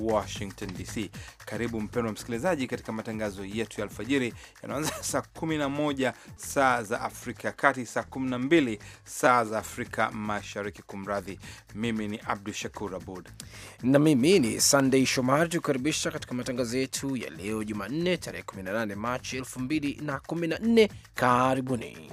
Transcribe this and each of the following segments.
Washington DC. Karibu mpendwa msikilizaji, katika matangazo yetu ya alfajiri yanaanza saa 11 saa za Afrika ya Kati, saa 12 saa za Afrika Mashariki. Kumradhi, mimi ni Abdu Shakur Abud na mimi ni Sunday Shomari, tukukaribisha katika matangazo yetu ya leo Jumanne tarehe 18 Machi 2014. Karibuni.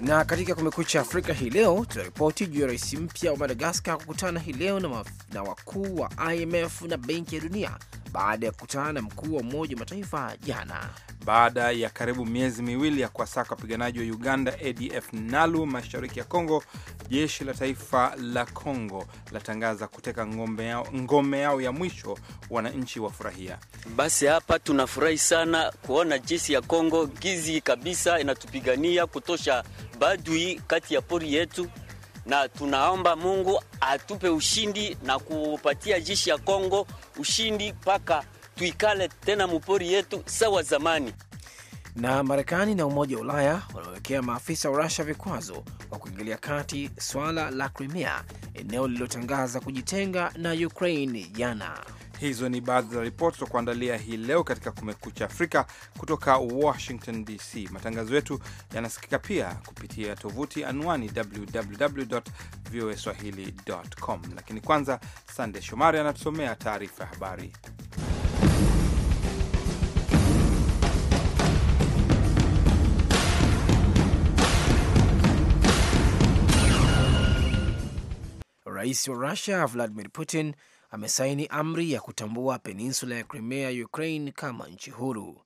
Na katika Kumekucha Afrika hii leo tunaripoti juu ya rais mpya wa Madagaskar kukutana hii leo na, na wakuu wa IMF na Benki ya Dunia baada ya kukutana na mkuu wa Umoja wa Mataifa jana. Baada ya karibu miezi miwili ya kuwasaka wapiganaji wa Uganda ADF NALU mashariki ya Kongo, jeshi la taifa la Kongo latangaza kuteka ngome yao, ngome yao ya mwisho, wananchi wafurahia. Basi hapa tunafurahi sana kuona jeshi ya Kongo gizi kabisa inatupigania kutosha badui kati ya pori yetu, na tunaomba Mungu atupe ushindi na kupatia jeshi ya Kongo ushindi mpaka tuikale tena mupori yetu sawa zamani. Na Marekani na Umoja wa Ulaya wanawekea maafisa wa Russia vikwazo kwa kuingilia kati swala la Crimea, eneo lililotangaza kujitenga na Ukraine jana. Hizo ni baadhi za ripoti za kuandalia hii leo katika Kumekucha Afrika kutoka Washington DC. Matangazo yetu yanasikika pia kupitia tovuti anwani www voa swahili com, lakini kwanza Sande Shomari anatusomea taarifa ya habari. Rais wa rusia Vladimir Putin amesaini amri ya kutambua peninsula ya Crimea, Ukraine, kama nchi huru.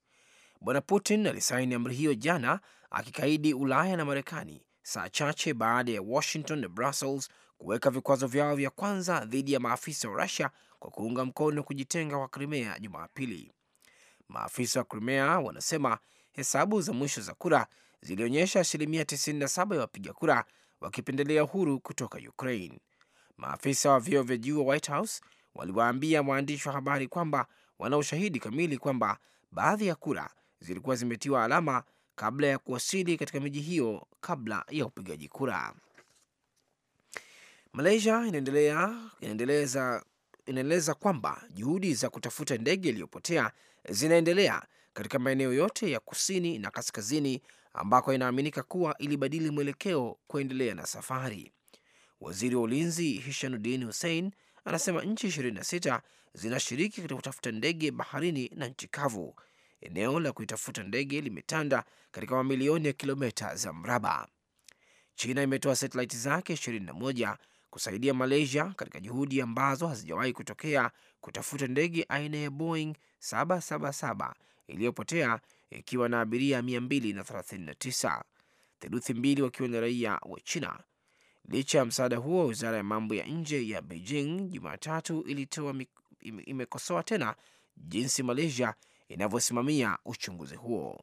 Bwana Putin alisaini amri hiyo jana, akikaidi Ulaya na Marekani saa chache baada ya Washington na Brussels kuweka vikwazo vyao vya kwanza dhidi ya maafisa wa Rusia kwa kuunga mkono kujitenga kwa Crimea Jumapili. Maafisa wa Crimea wanasema hesabu za mwisho za kura zilionyesha asilimia 97 ya wapiga kura wakipendelea uhuru kutoka Ukraine. Maafisa wa vyeo vya juu wa White House waliwaambia waandishi wa habari kwamba wana ushahidi kamili kwamba baadhi ya kura zilikuwa zimetiwa alama kabla ya kuwasili katika miji hiyo kabla ya upigaji kura. Malaysia inaendelea inaeleza kwamba juhudi za kutafuta ndege iliyopotea zinaendelea katika maeneo yote ya kusini na kaskazini ambako inaaminika kuwa ilibadili mwelekeo kuendelea na safari. Waziri wa ulinzi Hishanuddin Hussein anasema nchi 26 zinashiriki katika kutafuta ndege baharini na nchi kavu. Eneo la kuitafuta ndege limetanda katika mamilioni ya kilomita za mraba. China imetoa satelaiti zake 21 kusaidia Malaysia katika juhudi ambazo hazijawahi kutokea kutafuta ndege aina ya Boeing 777 iliyopotea ikiwa na abiria 239, theluthi mbili wakiwa ni raia wa China Licha ya msaada huo, wizara ya mambo ya nje ya Beijing Jumatatu ilitoa imekosoa tena jinsi Malaysia inavyosimamia uchunguzi huo.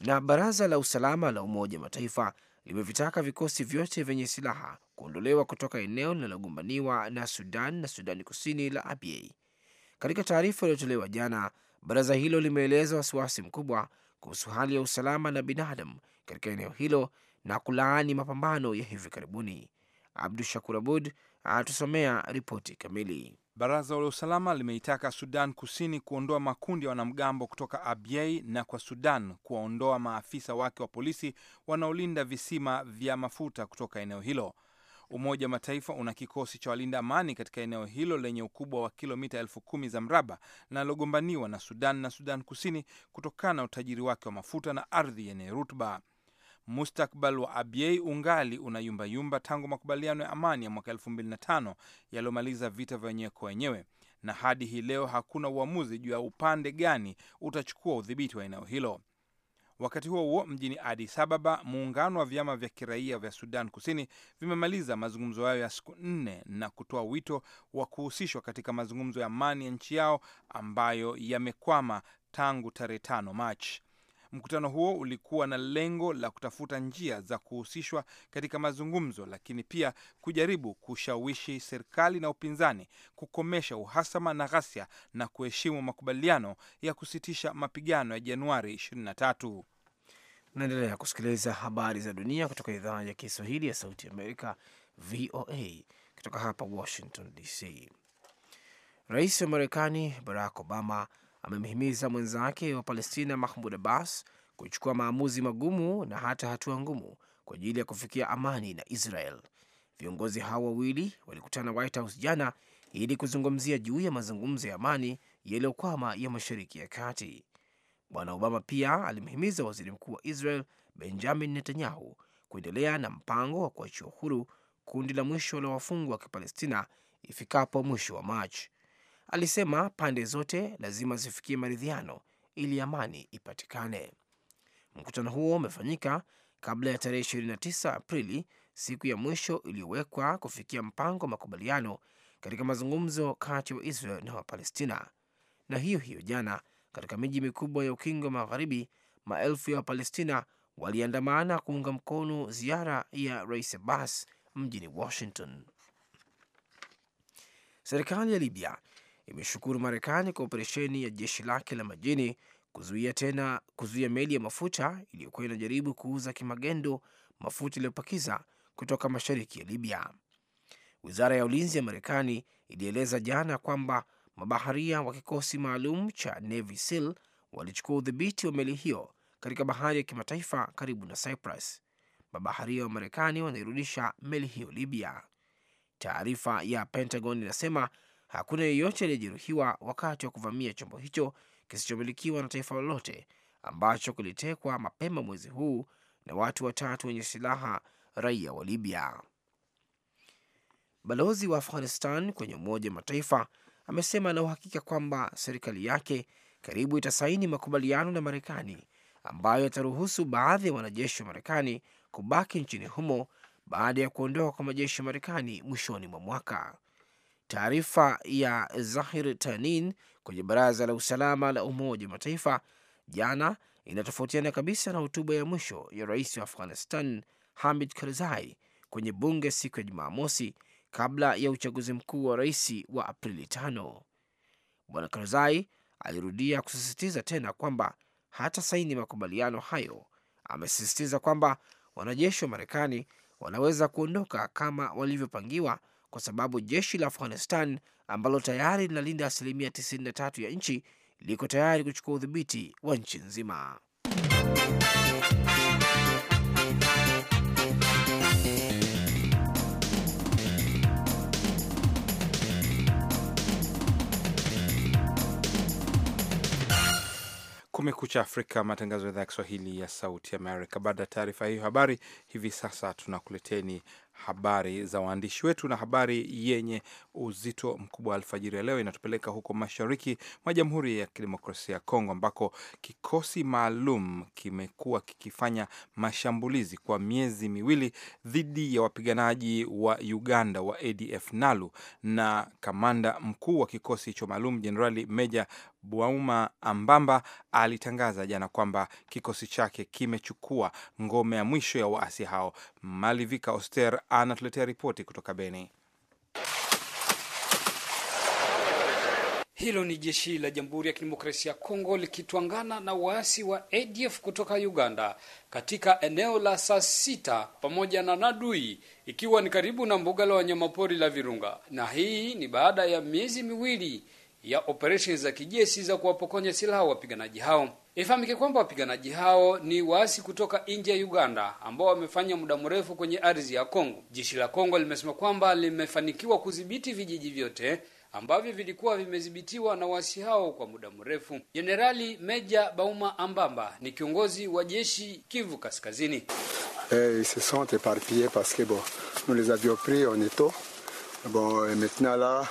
Na baraza la usalama la Umoja wa Mataifa limevitaka vikosi vyote vyenye silaha kuondolewa kutoka eneo linalogombaniwa na Sudan na Sudani Kusini la Abyei. Katika taarifa iliyotolewa jana, baraza hilo limeeleza wasiwasi mkubwa kuhusu hali ya usalama na binadamu katika eneo hilo na kulaani mapambano ya hivi karibuni. Abdu Shakur Abud anatusomea ripoti kamili. Baraza la Usalama limeitaka Sudan Kusini kuondoa makundi ya wanamgambo kutoka Abyei na kwa Sudan kuwaondoa maafisa wake wa polisi wanaolinda visima vya mafuta kutoka eneo hilo. Umoja wa Mataifa una kikosi cha walinda amani katika eneo hilo lenye ukubwa wa kilomita elfu kumi za mraba linalogombaniwa na Sudan na Sudan Kusini kutokana na utajiri wake wa mafuta na ardhi yenye rutuba mustakbal wa Abyei ungali unayumbayumba tangu makubaliano ya amani ya mwaka 25 yaliyomaliza vita vya wenyewe kwa wenyewe, na hadi hii leo hakuna uamuzi juu ya upande gani utachukua udhibiti wa eneo hilo. Wakati huo huo, mjini Addis Ababa, muungano wa vyama vya kiraia vya Sudan Kusini vimemaliza mazungumzo yao ya siku nne na kutoa wito wa kuhusishwa katika mazungumzo ya amani ya nchi yao ambayo yamekwama tangu tarehe 5 Machi. Mkutano huo ulikuwa na lengo la kutafuta njia za kuhusishwa katika mazungumzo, lakini pia kujaribu kushawishi serikali na upinzani kukomesha uhasama na ghasia na kuheshimu makubaliano ya kusitisha mapigano ya Januari 23. Naendelea kusikiliza habari za dunia kutoka idhaa ya Kiswahili ya Sauti Amerika, VOA, kutoka hapa Washington DC. Rais wa Marekani Barack Obama amemhimiza mwenzake wa Palestina Mahmud Abbas kuchukua maamuzi magumu na hata hatua ngumu kwa ajili ya kufikia amani na Israel. Viongozi hao wawili walikutana White House jana ili kuzungumzia juu ya mazungumzo ya amani yaliyokwama ya Mashariki ya Kati. Bwana Obama pia alimhimiza waziri mkuu wa Israel Benjamin Netanyahu kuendelea na mpango wa kuachia huru kundi la mwisho la wafungwa wa Kipalestina ifikapo mwisho wa Machi. Alisema pande zote lazima zifikie maridhiano ili amani ipatikane. Mkutano huo umefanyika kabla ya tarehe 29 Aprili, siku ya mwisho iliyowekwa kufikia mpango wa makubaliano katika mazungumzo kati ya Israel na Wapalestina. Na hiyo hiyo jana, katika miji mikubwa ya ukingo wa Magharibi, maelfu ya Wapalestina waliandamana kuunga mkono ziara ya Rais Abbas mjini Washington. Serikali ya Libya imeshukuru Marekani kwa operesheni ya jeshi lake la majini kuzuia tena kuzuia meli ya mafuta iliyokuwa inajaribu kuuza kimagendo mafuta iliyopakiza kutoka mashariki ya Libya. Wizara ya ulinzi ya Marekani ilieleza jana kwamba mabaharia wa kikosi maalum cha Navy SEAL walichukua udhibiti wa meli hiyo katika bahari ya kimataifa karibu na Cyprus. Mabaharia wa Marekani wanairudisha meli hiyo Libya. Taarifa ya Pentagon inasema hakuna yeyote aliyejeruhiwa wakati wa kuvamia chombo hicho kisichomilikiwa na taifa lolote ambacho kilitekwa mapema mwezi huu na watu watatu wenye silaha raia wa Libya. Balozi wa Afghanistan kwenye Umoja wa Mataifa amesema ana uhakika kwamba serikali yake karibu itasaini makubaliano na Marekani ambayo yataruhusu baadhi ya wanajeshi wa Marekani kubaki nchini humo baada ya kuondoka kwa majeshi ya Marekani mwishoni mwa mwaka. Taarifa ya Zahir Tanin kwenye Baraza la Usalama la Umoja wa Mataifa jana inatofautiana kabisa na hotuba ya mwisho ya rais wa Afghanistan Hamid Karzai kwenye bunge siku ya Jumamosi kabla ya uchaguzi mkuu wa rais wa Aprili tano. Bwana Karzai alirudia kusisitiza tena kwamba hata saini makubaliano hayo. Amesisitiza kwamba wanajeshi wa Marekani wanaweza kuondoka kama walivyopangiwa kwa sababu jeshi la Afghanistan ambalo tayari linalinda asilimia 93 ya nchi liko tayari kuchukua udhibiti wa nchi nzima. Kumekucha Afrika, matangazo ya idhaa ya Kiswahili ya Sauti Amerika. Baada ya taarifa hiyo habari, hivi sasa tunakuleteni habari za waandishi wetu, na habari yenye uzito mkubwa wa alfajiri ya leo inatupeleka huko mashariki mwa Jamhuri ya Kidemokrasia ya Kongo, ambako kikosi maalum kimekuwa kikifanya mashambulizi kwa miezi miwili dhidi ya wapiganaji wa Uganda wa ADF NALU, na kamanda mkuu wa kikosi hicho maalum Jenerali Meja Bwauma Ambamba alitangaza jana kwamba kikosi chake kimechukua ngome ya mwisho ya waasi hao. Malivika Oster anatuletea ripoti kutoka Beni. Hilo ni jeshi la Jamhuri ya Kidemokrasia ya Kongo likitwangana na waasi wa ADF kutoka Uganda katika eneo la saa sita pamoja na Nadui, ikiwa ni karibu na mbuga la wanyamapori la Virunga, na hii ni baada ya miezi miwili ya operesheni za kijeshi za kuwapokonya silaha wapiganaji hao. Ifahamike kwamba wapiganaji hao ni waasi kutoka nje ya Uganda ambao wamefanya muda mrefu kwenye ardhi ya Kongo. Jeshi la Kongo limesema kwamba limefanikiwa kudhibiti vijiji vyote ambavyo vilikuwa vimedhibitiwa na waasi hao kwa muda mrefu. Jenerali Meja Bauma Ambamba ni kiongozi wa jeshi Kivu Kaskazini. Eh, ils se sont éparpillés parce que bon, nous les avions pris en étau. Bon, et maintenant là,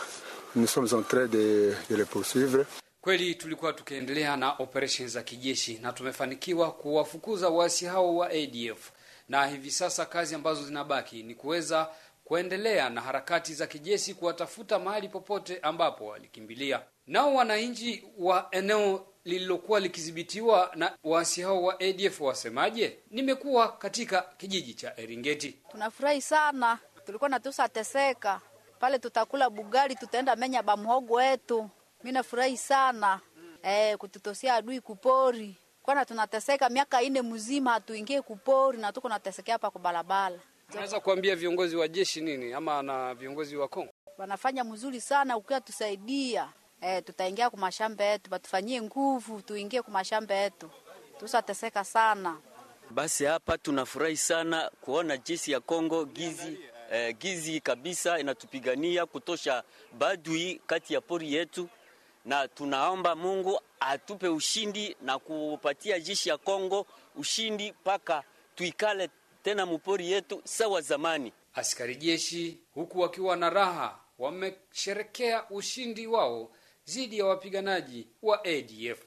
nous sommes en train de, de les poursuivre. Kweli tulikuwa tukiendelea na operesheni za kijeshi na tumefanikiwa kuwafukuza waasi hao wa ADF, na hivi sasa kazi ambazo zinabaki ni kuweza kuendelea na harakati za kijeshi kuwatafuta mahali popote ambapo walikimbilia. Nao wananchi wa eneo lililokuwa likidhibitiwa na waasi hao wa ADF wasemaje? Nimekuwa katika kijiji cha Eringeti. Tunafurahi sana, tulikuwa natusateseka pale, tutakula bugali, tutaenda menya bamhogo wetu mimi nafurahi sana eh, kututosia adui kupori, kwana tunateseka miaka ine mzima hatuingie kupori na tuko natesekea hapa kwa barabara. Unaweza kuambia viongozi wa jeshi nini ama na viongozi wa Kongo? Wanafanya mzuri sana ukiwa tusaidia eh, tutaingia kwa mashamba yetu, batufanyie nguvu tuingie kwa mashamba yetu, tusateseka sana. Basi hapa tunafurahi sana kuona jeshi ya Kongo gizi eh, gizi kabisa inatupigania kutosha badui kati ya pori yetu na tunaomba Mungu atupe ushindi na kupatia jeshi ya Kongo ushindi mpaka tuikale tena mupori yetu sawa zamani. Askari jeshi huku wakiwa na raha wamesherekea ushindi wao dhidi ya wapiganaji wa ADF.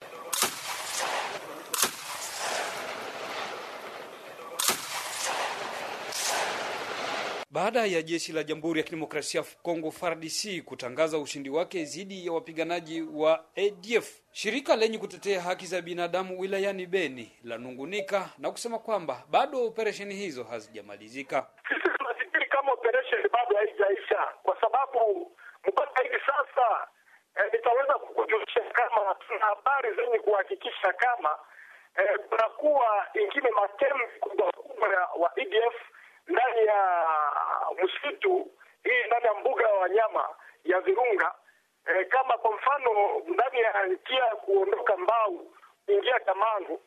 Baada ya jeshi la Jamhuri ya Kidemokrasia ya Kongo FARDC kutangaza ushindi wake dhidi ya wapiganaji wa ADF, shirika lenye kutetea haki za binadamu wilayani Beni lanungunika na kusema kwamba bado operesheni hizo hazijamalizika. Sisi tunafikiri kama operesheni bado haijaisha, kwa sababu mpaka hivi sasa eh, nitaweza kukujulisha kama tuna habari zenye kuhakikisha kama eh, kunakuwa ingine matembe kubwa kubwa wa ADF ndani ya uh, msitu hii, ndani ya mbuga ya wanyama ya Virunga. E, kama kwa mfano ndani ya njia ya kuondoka Mbau kuingia kamangu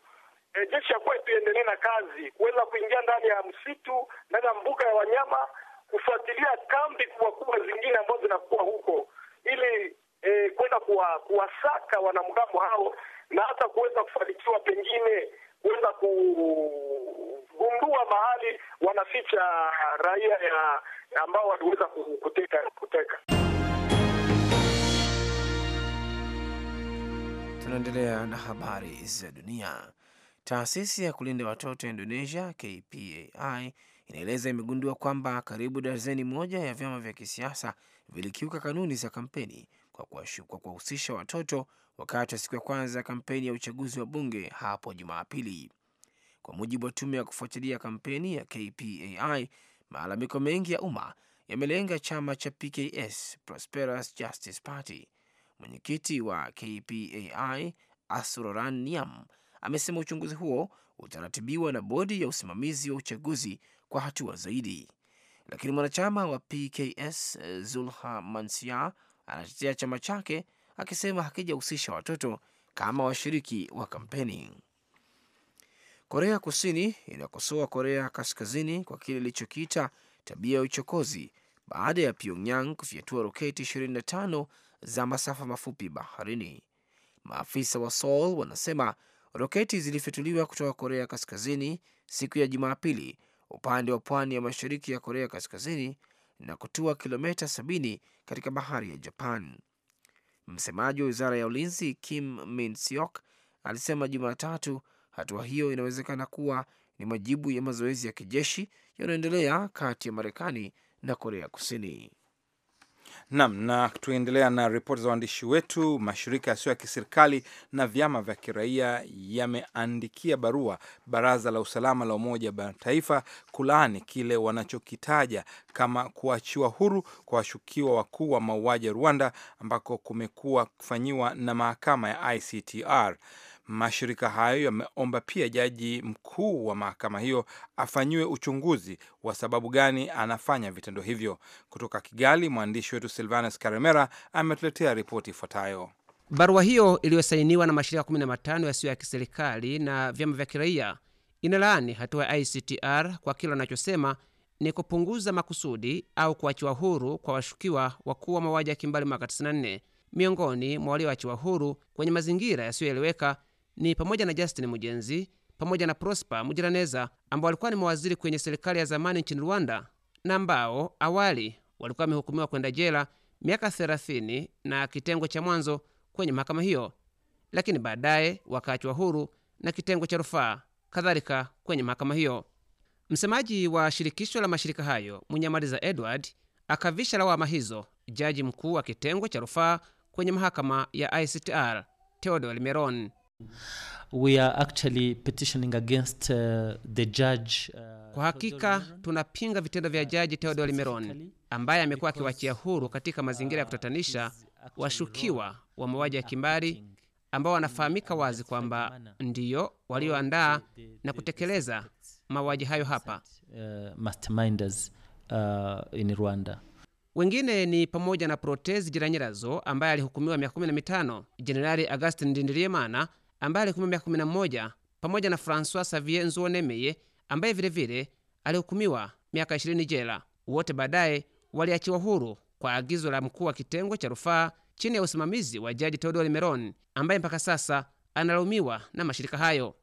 e, eh, jeshi ya kwetu iendelee na kazi kuweza kuingia ndani ya msitu, ndani ya mbuga ya wanyama kufuatilia kambi kubwa kubwa zingine ambazo zinakuwa huko ili e, kwenda kuwasaka wanamgambo hao na hata kuweza kufanikiwa pengine kuweza kugundua mahali wanaficha raia ya ambao waliweza kuteka kuteka. Tunaendelea na habari za dunia. Taasisi ya kulinda watoto Indonesia KPAI inaeleza imegundua kwamba karibu darzeni moja ya vyama vya kisiasa vilikiuka kanuni za kampeni kwa kuwahusisha watoto wakati wa siku ya kwanza ya kampeni ya uchaguzi wa bunge hapo Jumapili. Kwa mujibu wa tume ya kufuatilia kampeni ya KPAI, malalamiko mengi ya umma yamelenga chama cha PKS, Prosperous Justice Party. Mwenyekiti wa KPAI Asuroran Niam amesema uchunguzi huo utaratibiwa na bodi ya usimamizi wa uchaguzi kwa hatua zaidi, lakini mwanachama wa PKS Zulha Mansia anatetea chama chake akisema hakijahusisha watoto kama washiriki wa kampeni. Korea Kusini inakosoa Korea Kaskazini kwa kile ilichokiita tabia ya uchokozi baada ya Pyongyang kufyatua roketi 25 za masafa mafupi baharini. Maafisa wa Seoul wanasema roketi zilifyatuliwa kutoka Korea Kaskazini siku ya Jumapili upande wa pwani ya mashariki ya Korea Kaskazini na kutua kilomita 70 katika bahari ya Japan. Msemaji wa wizara ya ulinzi Kim Minsyok alisema Jumatatu hatua hiyo inawezekana kuwa ni majibu ya mazoezi ya kijeshi yanayoendelea kati ya Marekani na Korea Kusini. Nam, na tuendelea na ripoti za waandishi wetu. Mashirika yasiyo ya kiserikali na vyama vya kiraia yameandikia barua Baraza la Usalama la Umoja wa Mataifa kulaani kile wanachokitaja kama kuachiwa huru kwa washukiwa wakuu wa mauaji ya Rwanda ambako kumekuwa kufanyiwa na mahakama ya ICTR. Mashirika hayo yameomba pia jaji mkuu wa mahakama hiyo afanyiwe uchunguzi wa sababu gani anafanya vitendo hivyo. Kutoka Kigali, mwandishi wetu Silvanus Karemera ametuletea ripoti ifuatayo. Barua hiyo iliyosainiwa na mashirika 15 yasiyo ya kiserikali na vyama vya kiraia inalaani hatua ya ICTR kwa kile wanachosema ni kupunguza makusudi au kuachiwa huru kwa washukiwa wakuu wa mauaji ya kimbali mwaka 94. Miongoni mwa walioachiwa huru kwenye mazingira yasiyoeleweka ni pamoja na Justin Mujenzi pamoja na Prosper Mugiraneza ambao walikuwa ni mawaziri kwenye serikali ya zamani nchini Rwanda na ambao awali walikuwa wamehukumiwa kwenda jela miaka 30 na kitengo cha mwanzo kwenye mahakama hiyo, lakini baadaye wakaachwa huru na kitengo cha rufaa kadhalika kwenye mahakama hiyo. Msemaji wa shirikisho la mashirika hayo Munyamaliza Edward akavisha lawama hizo jaji mkuu wa kitengo cha rufaa kwenye mahakama ya ICTR Theodore Meron. We are actually petitioning against, uh, the judge, uh, kwa hakika tunapinga vitendo vya uh, jaji Teodori Meron ambaye amekuwa akiwachia huru katika mazingira ya uh, kutatanisha washukiwa wa mauaji ya kimbari ambao wanafahamika wazi kwamba ndiyo walioandaa na kutekeleza mauaji hayo hapa. Uh, Wengine ni pamoja na Protezi Jiranyirazo ambaye alihukumiwa miaka 15, Jenerali Augustin Ndindiriyemana ambaye alihukumiwa miaka 11 pamoja na Francois Xavier Nzuonemeye ambaye vilevile alihukumiwa miaka 20 jela. Wote baadaye waliachiwa huru kwa agizo la mkuu wa kitengo cha rufaa chini ya usimamizi wa Jaji Teodori Meron ambaye mpaka sasa analaumiwa na mashirika hayo.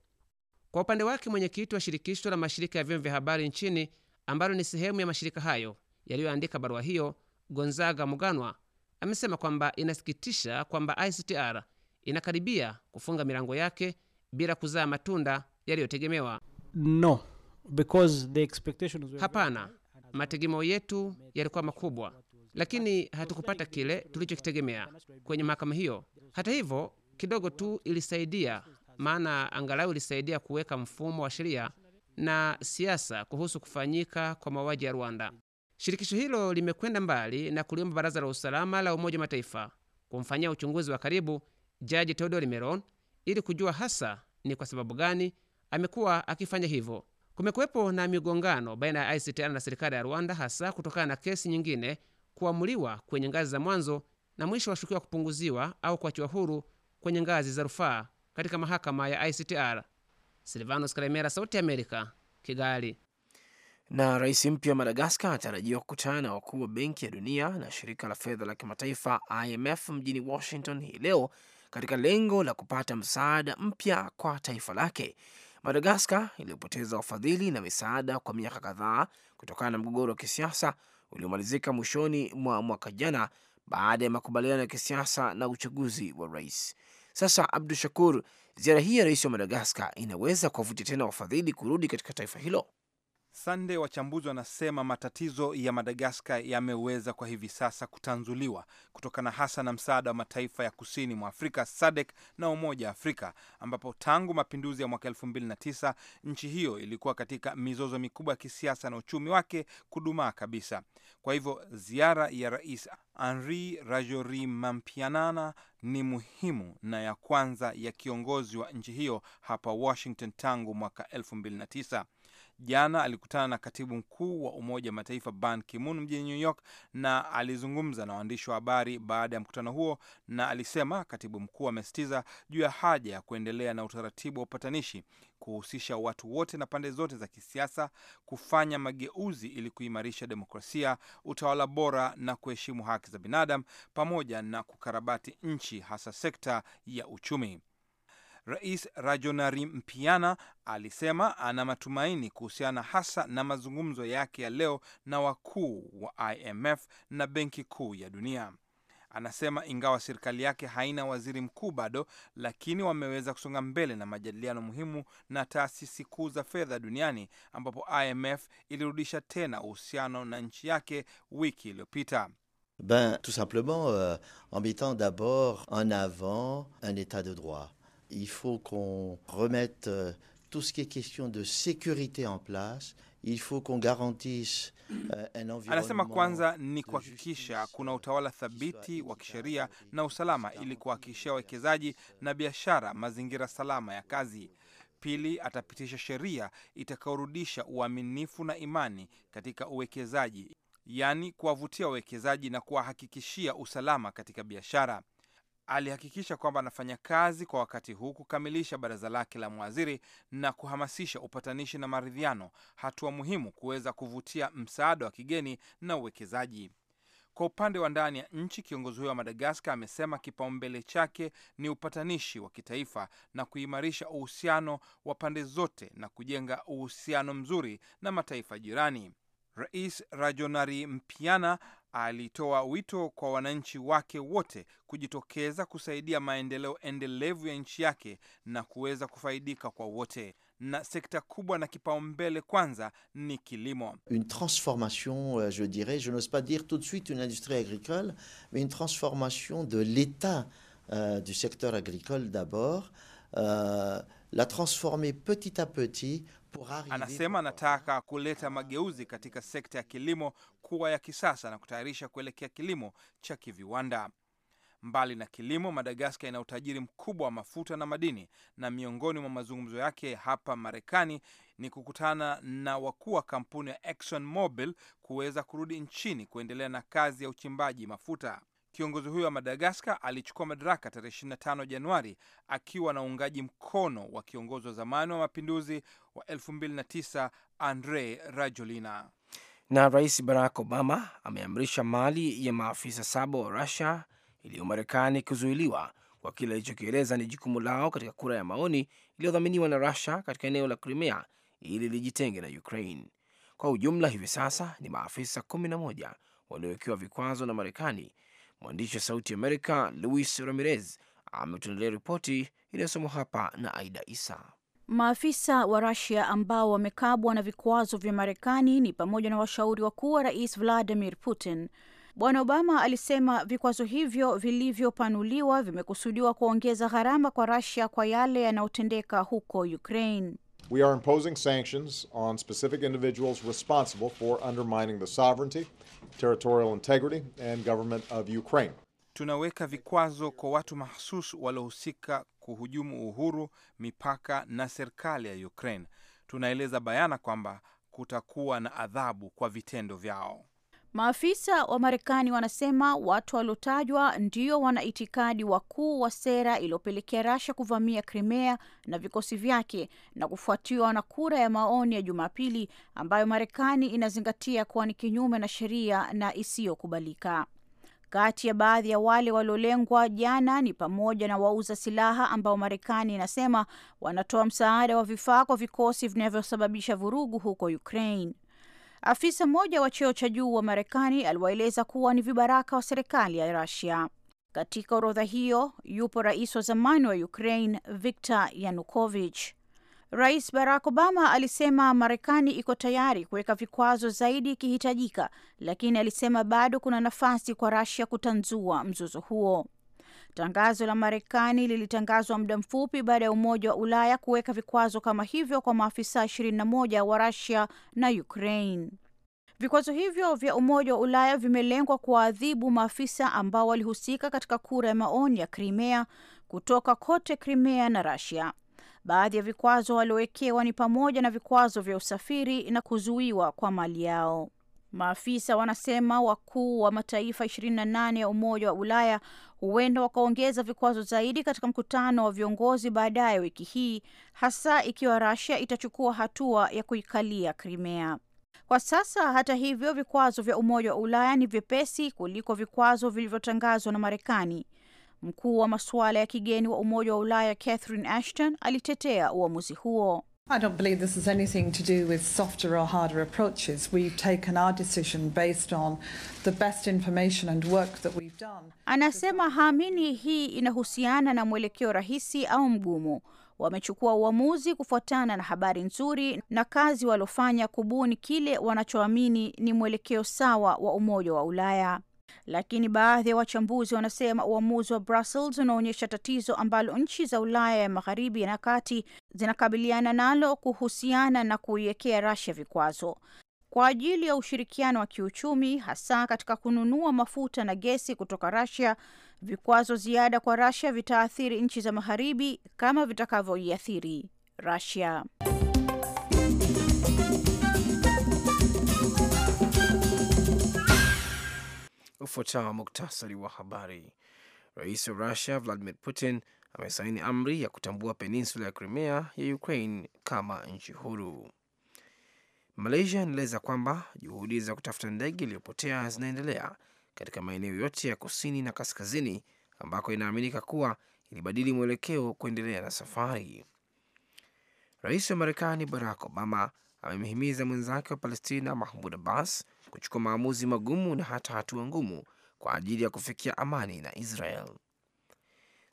Kwa upande wake, mwenyekiti wa shirikisho la mashirika ya vyombo vya habari nchini ambalo ni sehemu ya mashirika hayo yaliyoandika barua hiyo, Gonzaga Muganwa amesema kwamba inasikitisha kwamba ICTR inakaribia kufunga milango yake bila kuzaa matunda yaliyotegemewa. No, because the expectations were... Hapana, mategemeo yetu yalikuwa makubwa, lakini hatukupata kile tulichokitegemea kwenye mahakama hiyo. Hata hivyo, kidogo tu ilisaidia, maana angalau ilisaidia kuweka mfumo wa sheria na siasa kuhusu kufanyika kwa mauaji ya Rwanda. Shirikisho hilo limekwenda mbali na kuliomba Baraza la Usalama la Umoja wa Mataifa kumfanyia uchunguzi wa karibu Jaji Teodori Meron ili kujua hasa ni kwa sababu gani amekuwa akifanya hivyo. Kumekuwepo na migongano baina ya ICTR na serikali ya Rwanda, hasa kutokana na kesi nyingine kuamuliwa kwenye ngazi za mwanzo na mwisho washukiwa kupunguziwa au kuachiwa huru kwenye ngazi za rufaa katika mahakama ya ICTR. Silvanos Karemera, Sauti ya Amerika, Kigali. Na rais mpya wa Madagaskar anatarajiwa kukutana na wakuu wa Benki ya Dunia na shirika la fedha la kimataifa IMF mjini Washington hii leo katika lengo la kupata msaada mpya kwa taifa lake. Madagaskar iliyopoteza wafadhili na misaada kwa miaka kadhaa kutokana na mgogoro wa kisiasa uliomalizika mwishoni mwa mwaka jana baada ya makubaliano ya kisiasa na uchaguzi wa rais. Sasa Abdu Shakur, ziara hii ya rais wa Madagaskar inaweza kuwavutia tena wafadhili kurudi katika taifa hilo? Sande, wachambuzi wanasema matatizo ya Madagaskar yameweza kwa hivi sasa kutanzuliwa kutokana hasa na msaada wa mataifa ya kusini mwa Afrika SADC na Umoja wa Afrika, ambapo tangu mapinduzi ya mwaka elfu mbili na tisa nchi hiyo ilikuwa katika mizozo mikubwa ya kisiasa na uchumi wake kudumaa kabisa. Kwa hivyo ziara ya Rais Henri mampianana ni muhimu na ya kwanza ya kiongozi wa nchi hiyo hapa Washington tangu mwaka elfu mbili na tisa jana alikutana na katibu mkuu wa Umoja wa Mataifa Ban Ki-moon mjini New York na alizungumza na waandishi wa habari baada ya mkutano huo, na alisema katibu mkuu amesitiza juu ya haja ya kuendelea na utaratibu wa upatanishi kuhusisha watu wote na pande zote za kisiasa kufanya mageuzi ili kuimarisha demokrasia, utawala bora na kuheshimu haki za binadamu pamoja na kukarabati nchi hasa sekta ya uchumi. Rais mpiana alisema ana matumaini kuhusiana hasa na mazungumzo yake ya leo na wakuu wa IMF na Benki Kuu ya Dunia. Anasema ingawa serikali yake haina waziri mkuu bado, lakini wameweza kusonga mbele na majadiliano muhimu na taasisi kuu za fedha duniani, ambapo IMF ilirudisha tena uhusiano na nchi yake wiki iliyopita. Ben, tout simplement uh, en mettant d'abord en avant un état de droit il faut qu'on remette euh, tout ce qui est question de sécurité en place. Il faut qu'on garantisse euh, un environnement. Anasema kwanza ni kuhakikisha kuna utawala thabiti wa kisheria na usalama ili kuhakikishia wawekezaji na biashara mazingira salama ya kazi. Pili, atapitisha sheria itakayorudisha uaminifu na imani katika uwekezaji, yaani kuwavutia wawekezaji na kuwahakikishia usalama katika biashara alihakikisha kwamba anafanya kazi kwa wakati huu kukamilisha baraza lake la mawaziri na kuhamasisha upatanishi na maridhiano, hatua muhimu kuweza kuvutia msaada wa kigeni na uwekezaji. Kwa upande wa ndani ya nchi, kiongozi huyo wa Madagaskar amesema kipaumbele chake ni upatanishi wa kitaifa na kuimarisha uhusiano wa pande zote na kujenga uhusiano mzuri na mataifa jirani. Rais Rajonari Mpiana alitoa wito kwa wananchi wake wote kujitokeza kusaidia maendeleo endelevu ya nchi yake na kuweza kufaidika kwa wote na sekta kubwa na kipaumbele kwanza ni kilimo. Une transformation euh, je dirais, je n'ose pas dire tout de suite une industrie agricole, mais une transformation de l'état euh, du secteur agricole d'abord euh, la transformer petit à petit pour arriver. Anasema anataka kuleta mageuzi katika sekta ya kilimo kuwa ya kisasa na kutayarisha kuelekea kilimo cha kiviwanda. Mbali na kilimo, Madagaskar ina utajiri mkubwa wa mafuta na madini, na miongoni mwa mazungumzo yake hapa Marekani ni kukutana na wakuu wa kampuni ya Exxon Mobil kuweza kurudi nchini kuendelea na kazi ya uchimbaji mafuta. Kiongozi huyo wa Madagaskar alichukua madaraka tarehe 25 Januari akiwa na uungaji mkono wa kiongozi wa zamani wa mapinduzi wa 2009 Andre Rajolina. Na Rais Barack Obama ameamrisha mali ya maafisa saba wa Rusia iliyo Marekani kuzuiliwa kwa kile alichokieleza ni jukumu lao katika kura ya maoni iliyodhaminiwa na Rusia katika eneo la krimea ili lijitenge na Ukraine. Kwa ujumla hivi sasa ni maafisa 11 waliowekewa vikwazo na Marekani Mwandishi wa Sauti ya Amerika Luis Ramirez ametuendelea ripoti inayosomwa hapa na Aida Isa. Maafisa wa Rasia ambao wamekabwa na vikwazo vya Marekani ni pamoja na washauri wakuu wa Rais Vladimir Putin. Bwana Obama alisema vikwazo hivyo vilivyopanuliwa vimekusudiwa kuongeza gharama kwa Rasia kwa yale yanayotendeka huko Ukraine. We are imposing sanctions on specific individuals responsible for undermining the sovereignty, territorial integrity and government of Ukraine. Tunaweka vikwazo kwa watu mahsus waliohusika kuhujumu uhuru, mipaka na serikali ya Ukraine. Tunaeleza bayana kwamba kutakuwa na adhabu kwa vitendo vyao. Maafisa wa Marekani wanasema watu waliotajwa ndio wana itikadi wakuu wa sera iliyopelekea Rasha kuvamia Krimea na vikosi vyake na kufuatiwa na kura ya maoni ya Jumapili ambayo Marekani inazingatia kuwa ni kinyume na sheria na isiyokubalika. Kati ya baadhi ya wale waliolengwa jana ni pamoja na wauza silaha ambao Marekani inasema wanatoa msaada wa vifaa kwa vikosi vinavyosababisha vurugu huko Ukraine. Afisa mmoja wa cheo cha juu wa Marekani aliwaeleza kuwa ni vibaraka wa serikali ya Rusia. Katika orodha hiyo yupo rais wa zamani wa Ukraine Viktor Yanukovych. Rais Barack Obama alisema Marekani iko tayari kuweka vikwazo zaidi ikihitajika, lakini alisema bado kuna nafasi kwa Russia kutanzua mzozo huo. Tangazo la Marekani lilitangazwa muda mfupi baada ya Umoja wa Ulaya kuweka vikwazo kama hivyo kwa maafisa 21 wa Rusia na Ukraine. Vikwazo hivyo vya Umoja wa Ulaya vimelengwa kuwaadhibu maafisa ambao walihusika katika kura ya maoni ya krimea kutoka kote krimea na Rusia. Baadhi ya vikwazo waliowekewa ni pamoja na vikwazo vya usafiri na kuzuiwa kwa mali yao. Maafisa wanasema wakuu wa mataifa 28 ya Umoja wa Ulaya huenda wakaongeza vikwazo zaidi katika mkutano wa viongozi baadaye wiki hii, hasa ikiwa Russia itachukua hatua ya kuikalia Crimea. Kwa sasa, hata hivyo, vikwazo vya Umoja wa Ulaya ni vyepesi kuliko vikwazo vilivyotangazwa na Marekani. Mkuu wa masuala ya kigeni wa Umoja wa Ulaya Catherine Ashton alitetea uamuzi huo. I don't believe this has anything to do with softer or harder approaches. We've taken our decision based on the best information and work that we've done. Anasema haamini hii inahusiana na mwelekeo rahisi au mgumu. Wamechukua uamuzi kufuatana na habari nzuri na kazi walofanya kubuni kile wanachoamini ni mwelekeo sawa wa Umoja wa Ulaya lakini baadhi ya wa wachambuzi wanasema uamuzi wa Brussels unaonyesha tatizo ambalo nchi za Ulaya ya magharibi na kati zinakabiliana nalo kuhusiana na kuiwekea Russia vikwazo kwa ajili ya ushirikiano wa kiuchumi, hasa katika kununua mafuta na gesi kutoka Russia. Vikwazo ziada kwa Russia vitaathiri nchi za magharibi kama vitakavyoiathiri Russia. Ufuatao muktasari wa habari. Rais wa Rusia Vladimir Putin amesaini amri ya kutambua peninsula ya Crimea ya Ukraine kama nchi huru. Malaysia inaeleza kwamba juhudi za kutafuta ndege iliyopotea zinaendelea katika maeneo yote ya kusini na kaskazini ambako inaaminika kuwa ilibadili mwelekeo kuendelea na safari. Rais wa Marekani Barack Obama amemhimiza mwenzake wa Palestina Mahmud Abbas kuchukua maamuzi magumu na hata hatua ngumu kwa ajili ya kufikia amani na Israel.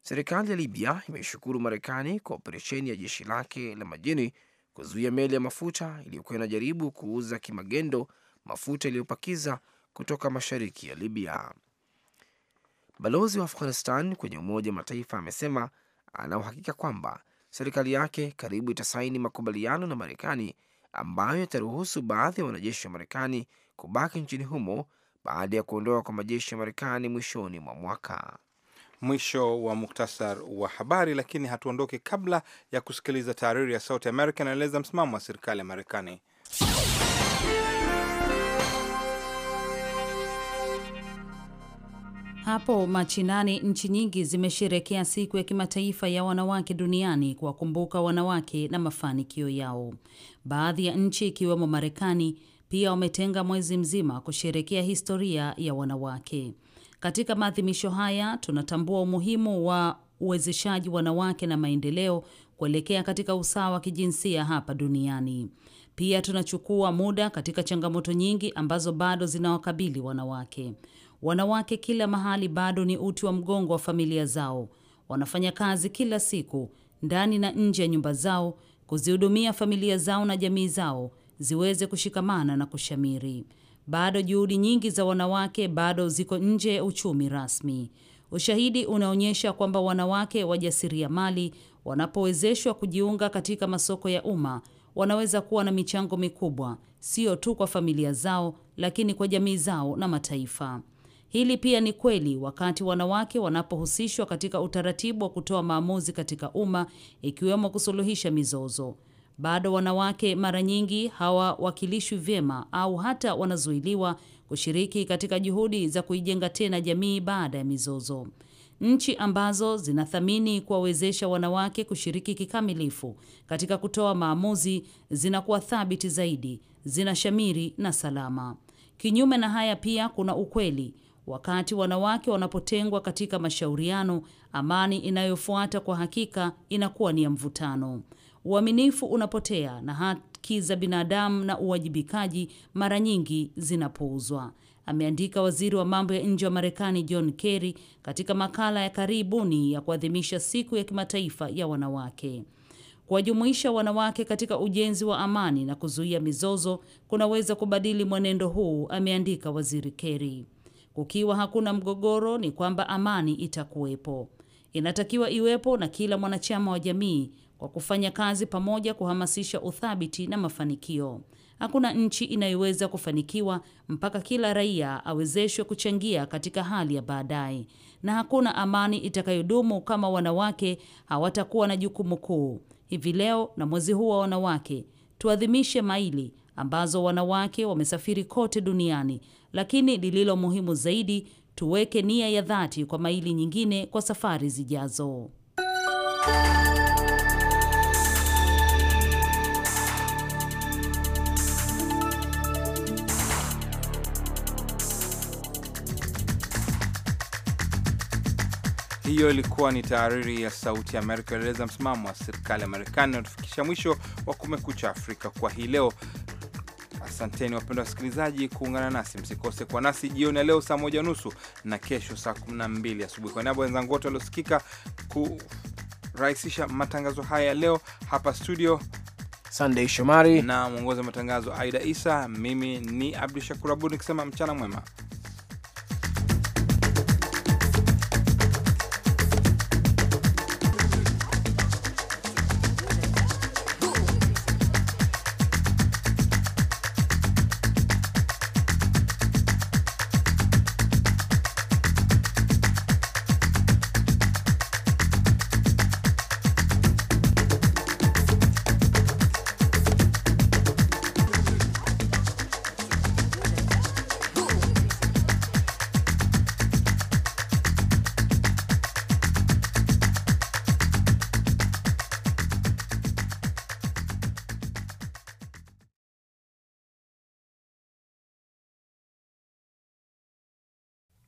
Serikali ya Libya imeishukuru Marekani kwa operesheni ya jeshi lake la majini kuzuia meli ya mafuta iliyokuwa inajaribu kuuza kimagendo mafuta yaliyopakiza kutoka mashariki ya Libya. Balozi wa Afghanistan kwenye Umoja wa Mataifa amesema ana uhakika kwamba serikali yake karibu itasaini makubaliano na Marekani ambayo yataruhusu baadhi ya wanajeshi wa Marekani kubaki nchini humo baada ya kuondoka kwa majeshi ya Marekani mwishoni mwa mwaka. Mwisho wa muktasar wa habari, lakini hatuondoke kabla ya kusikiliza taariri ya Sauti Amerika inaeleza msimamo wa serikali ya Marekani. Hapo machinani nchi nyingi zimesherekea siku ya kimataifa ya wanawake duniani kuwakumbuka wanawake na mafanikio yao. Baadhi ya nchi ikiwemo Marekani pia wametenga mwezi mzima kusherekea historia ya wanawake. Katika maadhimisho haya tunatambua umuhimu wa uwezeshaji wanawake na maendeleo kuelekea katika usawa wa kijinsia hapa duniani. Pia tunachukua muda katika changamoto nyingi ambazo bado zinawakabili wanawake. Wanawake kila mahali bado ni uti wa mgongo wa familia zao. Wanafanya kazi kila siku ndani na nje ya nyumba zao kuzihudumia familia zao na jamii zao ziweze kushikamana na kushamiri. Bado juhudi nyingi za wanawake bado ziko nje ya uchumi rasmi. Ushahidi unaonyesha kwamba wanawake wajasiriamali wanapowezeshwa kujiunga katika masoko ya umma wanaweza kuwa na michango mikubwa, sio tu kwa familia zao, lakini kwa jamii zao na mataifa. Hili pia ni kweli wakati wanawake wanapohusishwa katika utaratibu wa kutoa maamuzi katika umma, ikiwemo kusuluhisha mizozo bado wanawake mara nyingi hawawakilishwi vyema au hata wanazuiliwa kushiriki katika juhudi za kuijenga tena jamii baada ya mizozo. Nchi ambazo zinathamini kuwawezesha wanawake kushiriki kikamilifu katika kutoa maamuzi zinakuwa thabiti zaidi, zinashamiri na salama. Kinyume na haya, pia kuna ukweli, wakati wanawake wanapotengwa katika mashauriano, amani inayofuata kwa hakika inakuwa ni ya mvutano uaminifu unapotea na haki za binadamu na uwajibikaji mara nyingi zinapuuzwa, ameandika waziri wa mambo ya nje wa Marekani John Kerry katika makala ya karibuni ya kuadhimisha siku ya kimataifa ya wanawake. Kuwajumuisha wanawake katika ujenzi wa amani na kuzuia mizozo kunaweza kubadili mwenendo huu, ameandika waziri Kerry. Kukiwa hakuna mgogoro, ni kwamba amani itakuwepo. Inatakiwa iwepo na kila mwanachama wa jamii, kwa kufanya kazi pamoja kuhamasisha uthabiti na mafanikio. Hakuna nchi inayoweza kufanikiwa mpaka kila raia awezeshwe kuchangia katika hali ya baadaye, na hakuna amani itakayodumu kama wanawake hawatakuwa na jukumu kuu. Hivi leo na mwezi huu wa wanawake, tuadhimishe maili ambazo wanawake wamesafiri kote duniani, lakini lililo muhimu zaidi, tuweke nia ya dhati kwa maili nyingine kwa safari zijazo. Hiyo ilikuwa ni tahariri ya Sauti ya Amerika ilieleza msimamo wa serikali ya Marekani. Natufikisha mwisho wa Kumekucha Afrika kwa hii leo. Asanteni wapendwa wasikilizaji kuungana nasi, msikose kwa nasi jioni ya leo saa moja nusu na kesho saa mbili asubuhi. Kwa niaba wenzangu wote waliosikika kurahisisha matangazo haya ya leo hapa studio, Sandey Shomari na mwongozi wa matangazo Aida Isa, mimi ni Abdu Shakur Abud nikisema mchana mwema.